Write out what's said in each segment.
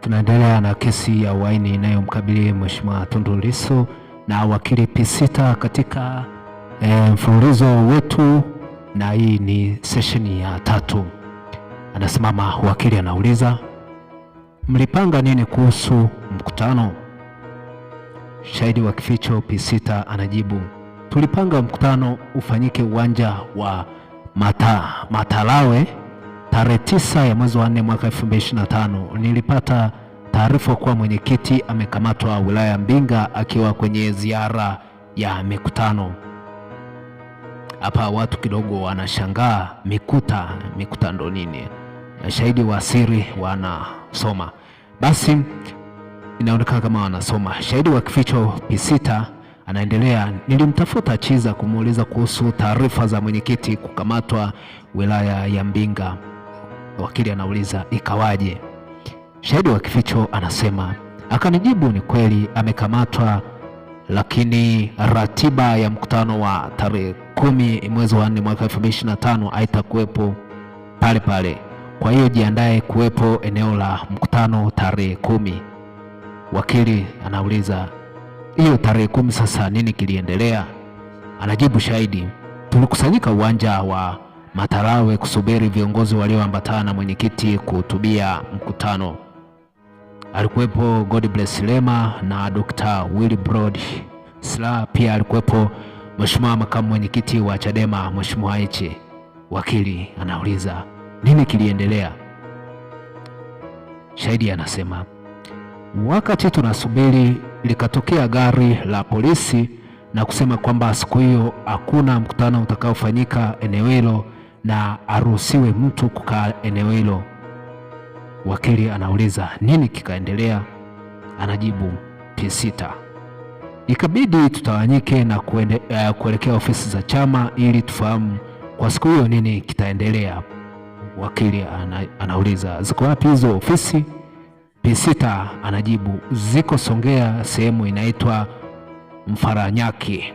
Tunaendelea na kesi ya uhaini inayomkabili Mheshimiwa Tundu Lissu na wakili P6 katika e, mfululizo wetu, na hii ni sesheni ya tatu. Anasimama wakili anauliza, mlipanga nini kuhusu mkutano? Shahidi wa kificho P6 anajibu, tulipanga mkutano ufanyike uwanja wa mata, Matalawe tarehe tisa ya mwezi wa nne mwaka tano nilipata taarifa kuwa mwenyekiti amekamatwa wilaya ya Mbinga akiwa kwenye ziara ya mikutano. Hapa watu kidogo wanashangaa mikuta, mikuta ndo nini? Shahidi wa siri wanasoma, basi inaonekana kama wanasoma. Shahidi wa kificho Pisita anaendelea, nilimtafuta Chiza kumuuliza kuhusu taarifa za mwenyekiti kukamatwa wilaya ya Mbinga. Wakili anauliza ikawaje? Shahidi wa kificho anasema akanijibu, ni kweli amekamatwa, lakini ratiba ya mkutano wa tarehe kumi mwezi wa nne mwaka tano haitakuwepo pale pale, kwa hiyo jiandaye kuwepo eneo la mkutano tarehe kumi. Wakili anauliza hiyo tarehe kumi sasa nini kiliendelea? Anajibu shahidi, tulikusanyika uwanja wa Matarawe kusubiri viongozi walioambatana na mwenyekiti kuhutubia mkutano. Alikuwepo Godbless Lema na Dr. Willibrod Slaa, pia alikuwepo Mheshimiwa makamu mwenyekiti wa Chadema Mheshimiwa Heche. Wakili anauliza nini kiliendelea? Shahidi anasema wakati tunasubiri likatokea gari la polisi na kusema kwamba siku hiyo hakuna mkutano utakaofanyika eneo hilo na aruhusiwe mtu kukaa eneo hilo. Wakili anauliza nini kikaendelea, anajibu P6. Ikabidi tutawanyike na kuende, uh, kuelekea ofisi za chama ili tufahamu kwa siku hiyo nini kitaendelea. Wakili ana, anauliza ziko wapi hizo ofisi? P6 anajibu ziko Songea, sehemu inaitwa Mfaranyaki.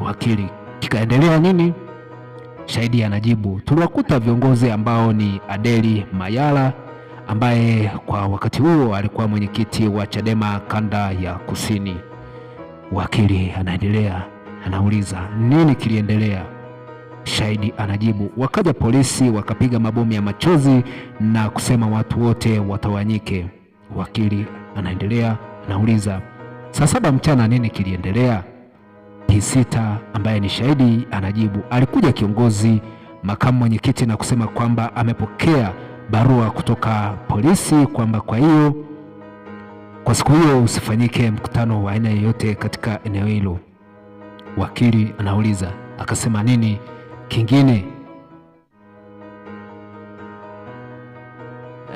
Wakili kikaendelea nini? Shahidi anajibu, tuliwakuta viongozi ambao ni Adeli Mayala ambaye kwa wakati huo alikuwa mwenyekiti wa Chadema kanda ya kusini. Wakili anaendelea, anauliza nini kiliendelea? Shahidi anajibu, wakaja polisi wakapiga mabomu ya machozi na kusema watu wote watawanyike. Wakili anaendelea, anauliza saa saba mchana nini kiliendelea? Hisita ambaye ni shahidi anajibu, alikuja kiongozi makamu mwenyekiti na kusema kwamba amepokea barua kutoka polisi kwamba kwa hiyo kwa siku hiyo usifanyike mkutano wa aina yoyote katika eneo hilo. Wakili anauliza akasema, nini kingine?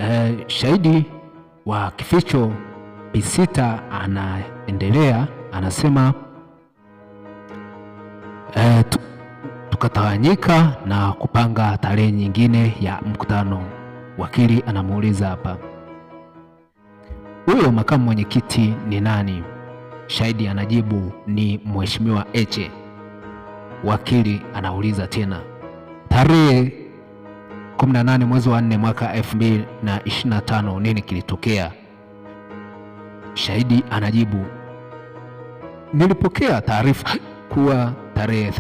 E, shahidi wa kificho Bisita anaendelea anasema e, tukatawanyika na kupanga tarehe nyingine ya mkutano. Wakili anamuuliza hapa, huyo makamu mwenyekiti ni nani? Shahidi anajibu ni mheshimiwa Eche. Wakili anauliza tena, tarehe 18 mwezi wa 4 mwaka 2025 nini kilitokea? Shahidi anajibu, nilipokea taarifa kuwa tarehe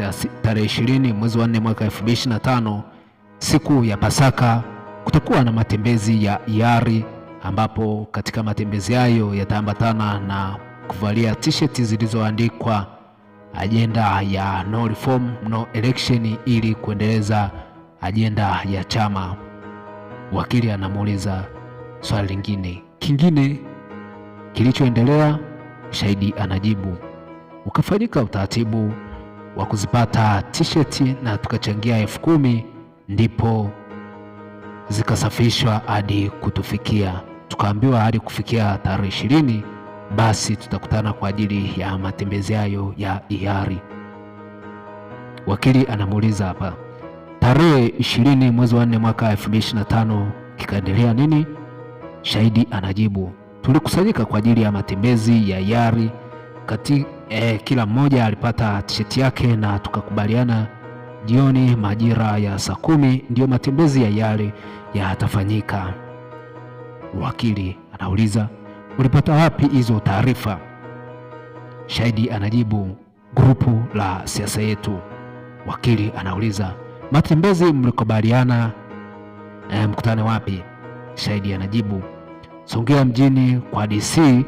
20 mwezi wa 4 mwaka 2025, siku ya Pasaka, kutakuwa na matembezi ya hiari, ambapo katika matembezi hayo yataambatana na kuvalia t-shirt zilizoandikwa ajenda ya no reform no election, ili kuendeleza ajenda ya chama. Wakili anamuuliza swali lingine, kingine kilichoendelea. Shahidi anajibu ukafanyika utaratibu wa kuzipata t-shirt na tukachangia elfu kumi ndipo zikasafishwa hadi kutufikia. Tukaambiwa hadi kufikia tarehe ishirini basi tutakutana kwa ajili ya matembezi hayo ya hiari. Wakili anamuuliza hapa, tarehe ishirini mwezi wa nne mwaka 2025 kikaendelea nini? Shahidi anajibu tulikusanyika kwa ajili ya matembezi ya hiari kati e, kila mmoja alipata tisheti yake na tukakubaliana jioni majira ya saa kumi ndiyo matembezi ya yale yatafanyika. Wakili anauliza ulipata wapi hizo taarifa? Shahidi anajibu grupu la siasa yetu. Wakili anauliza matembezi mlikubaliana e, mkutane wapi? Shahidi anajibu Songea mjini kwa DC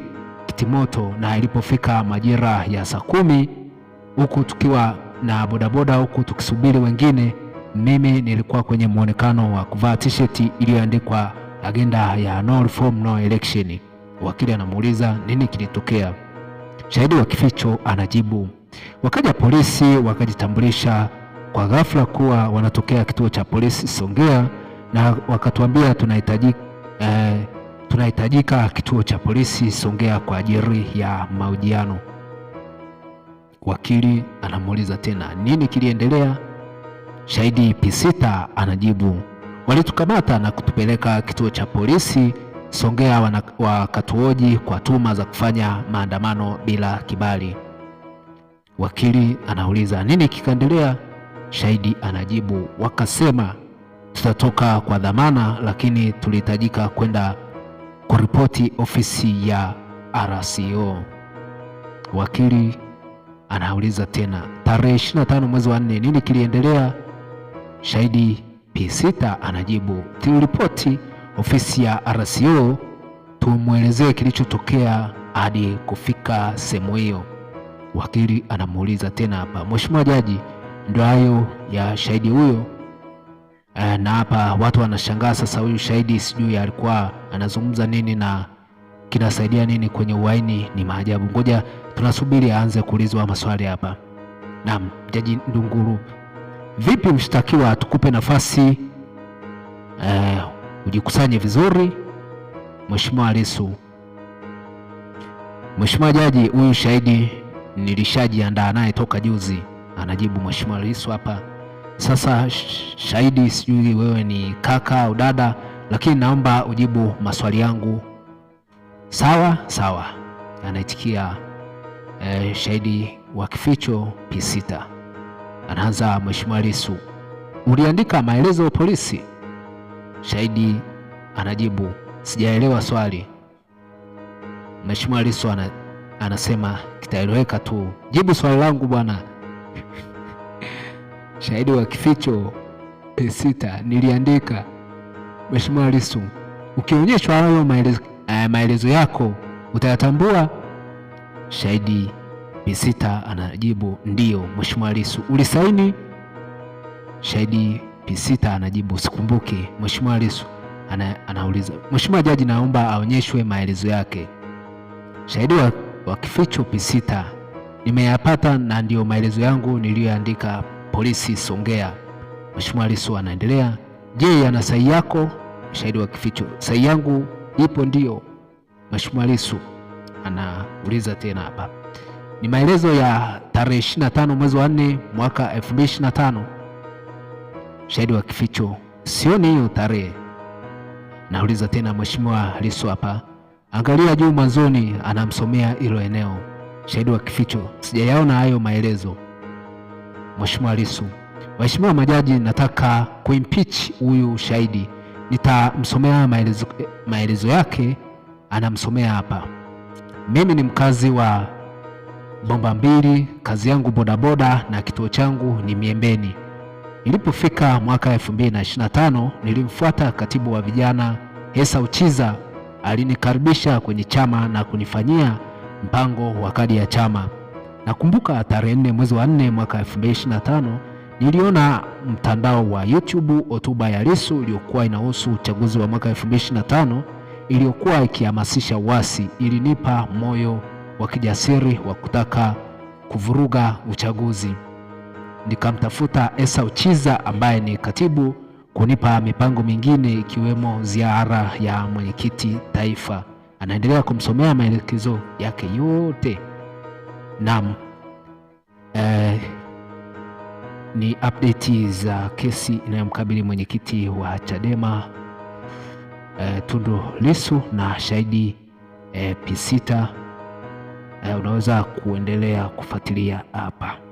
moto, na ilipofika majira ya saa kumi huku tukiwa na bodaboda huku tukisubiri wengine, mimi nilikuwa kwenye mwonekano wa kuvaa t-shirt iliyoandikwa agenda ya no reform no election. Wakili anamuuliza nini kilitokea, shahidi wa kificho anajibu. Wakaja polisi wakajitambulisha kwa ghafla kuwa wanatokea kituo cha polisi Songea na wakatuambia tunahitaji eh, tunahitajika kituo cha polisi Songea kwa ajili ya mahojiano. Wakili anamuuliza tena, nini kiliendelea? Shahidi Pisita anajibu, walitukamata na kutupeleka kituo cha polisi Songea wakatuoji kwa tuma za kufanya maandamano bila kibali. Wakili anauliza nini kikaendelea? Shahidi anajibu, wakasema tutatoka kwa dhamana, lakini tulihitajika kwenda kuripoti ofisi ya RCO. Wakili anauliza tena, tarehe 25 mwezi wa 4 nini kiliendelea? Shahidi P6 anajibu, tuliripoti ofisi ya RCO tumwelezee kilichotokea hadi kufika sehemu hiyo. Wakili anamuuliza tena hapa, mheshimiwa jaji, ndio hayo ya shahidi huyo e, na hapa watu wanashangaa sasa, huyu shahidi sijui alikuwa anazungumza nini na kinasaidia nini kwenye uhaini. Ni maajabu. Ngoja tunasubiri aanze kuulizwa maswali hapa. Naam, Jaji Ndunguru, vipi mshtakiwa, tukupe nafasi e, ujikusanye vizuri. Mheshimiwa Lissu, Mheshimiwa Jaji, huyu shahidi nilishajiandaa naye toka juzi, anajibu Mheshimiwa Lissu hapa. Sasa shahidi, sijui wewe ni kaka au dada, lakini naomba ujibu maswali yangu. Sawa sawa, anaitikia eh, shahidi wa kificho P6. Anaanza Mheshimiwa Lissu, uliandika maelezo ya polisi? Shahidi anajibu sijaelewa swali. Mheshimiwa Lissu ana, anasema kitaeleweka tu, jibu swali langu bwana shahidi wa kificho pesita niliandika, Mheshimiwa Lissu, ukionyeshwa hayo maelezo eh, yako utayatambua? Shahidi pesita anajibu ndio Mheshimiwa Lissu. Ulisaini? Shahidi pesita anajibu sikumbuki, Mheshimiwa Lissu. Ana, anauliza Mheshimiwa Jaji, naomba aonyeshwe maelezo yake. Shahidi wa, wa kificho pesita nimeyapata na ndiyo maelezo yangu niliyoandika polisi Songea. Mheshimiwa Lissu anaendelea, je, ana sahi yako? Shahidi wa kificho, sahi yangu ipo ndio. Mheshimiwa Lissu anauliza tena hapa, ni maelezo ya tarehe 25 mwezi wa 4 mwaka 2025. Shahidi wa kificho, sioni hiyo tarehe. Nauliza tena Mheshimiwa Lissu hapa, angalia juu mwanzoni, anamsomea hilo eneo. Shahidi wa kificho, sijayaona hayo maelezo. Mheshimiwa Lissu. Waheshimiwa majaji, nataka kuimpeach huyu shahidi. Nitamsomea maelezo, maelezo yake anamsomea hapa. Mimi ni mkazi wa bomba mbili, kazi yangu bodaboda na kituo changu ni Miembeni. Nilipofika mwaka 2025 nilimfuata katibu wa vijana Hesa Uchiza, alinikaribisha kwenye chama na kunifanyia mpango wa kadi ya chama. Nakumbuka tarehe nne mwezi wa nne mwaka 2025 niliona mtandao wa YouTube hotuba ya Lissu iliyokuwa inahusu uchaguzi wa mwaka 2025 iliyokuwa ikihamasisha uasi. Ilinipa moyo wa kijasiri wa kutaka kuvuruga uchaguzi. Nikamtafuta Esau Chiza ambaye ni katibu kunipa mipango mingine ikiwemo ziara ya mwenyekiti taifa. Anaendelea kumsomea maelekezo yake yote. Naam, eh, ni update za kesi inayomkabili mwenyekiti wa Chadema eh, Tundu Lissu na shahidi eh, Pisita eh, unaweza kuendelea kufuatilia hapa.